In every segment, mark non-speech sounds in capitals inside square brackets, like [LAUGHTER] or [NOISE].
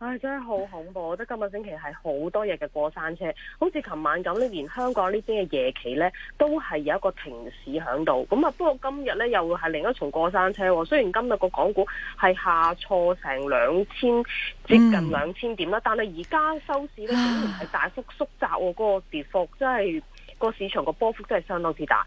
唉、哎，真係好恐怖！我覺得今日星期係好多日嘅過山車，好似琴晚咁，呢連香港呢邊嘅夜期呢都係有一個停市響度。咁啊，不過今日呢又係另一重過山車。雖然今日個港股係下挫成兩千接近兩千點啦，嗯，但係而家收市呢竟然係大幅縮窄。嗰、嗰個跌幅真係，個市場個波幅真係相當之大。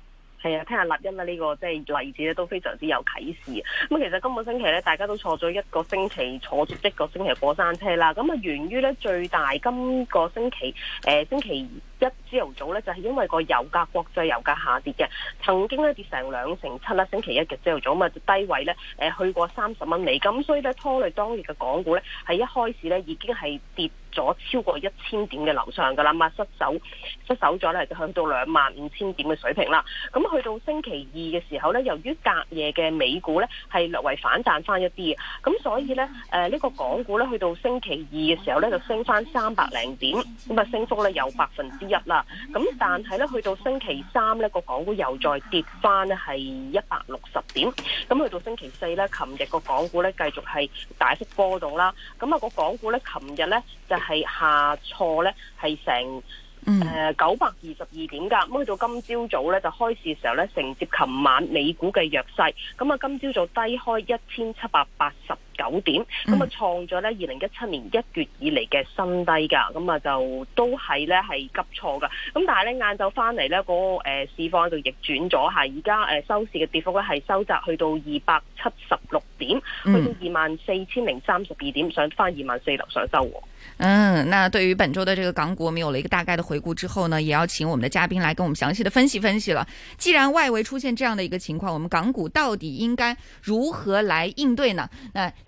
係啊，聽下立欣啦，呢個即係例子咧都非常之有啟示，咁，其實今個星期咧，大家都坐咗一個星期，坐一個星期過山車啦。咁啊，源於咧最大今個星期，誒星期二。一朝頭早咧，就係因為個油價、國際油價下跌嘅，曾經咧跌成兩成七啦。星期一嘅朝頭早啊嘛，低位咧去過三十蚊嚟，咁所以咧拖累當日嘅港股咧，係一開始咧已經係跌咗超過一千點嘅樓上噶啦，咁啊失手失手咗咧，就去到兩萬五千點嘅水平啦。咁去到星期二嘅時候咧，由於隔夜嘅美股咧係略為反彈翻一啲嘅，咁所以咧呢、呃呢個港股咧去到星期二嘅時候咧就升翻三百零點，咁啊升幅咧有百分之。日啦，咁 [NOISE] 但係咧，去到星期三咧，個港股又再跌返，係一百六十點。咁、嗯、去到星期四咧，琴日個港股咧繼續係大幅波動啦。咁、嗯、啊，那個港股咧，琴日咧就係、是、下挫咧，係成誒九百二十二點噶。咁、嗯、去、嗯、到今朝早咧，就開市時候咧承接琴晚美股嘅弱勢，咁、嗯、啊，今朝早,早低開一千七百八十。九點。咁啊，創咗呢二零一七年一月以嚟嘅新低噶，咁啊就都係呢係急挫噶，咁但係呢晏晝翻嚟呢嗰個誒、呃、市況就逆轉咗，係而家誒收市嘅跌幅呢係收窄去到二百七十六點，嗯，去到二萬四千零三十二點，上翻二萬四樓上收。嗯，那對於本周的這個港股，我們有了一個大概的回顧之後呢，也要請我們的嘉賓來跟我們詳細的分析分析啦。既然外圍出現這樣的一個情況，我們港股到底應該如何來應對呢？那、呃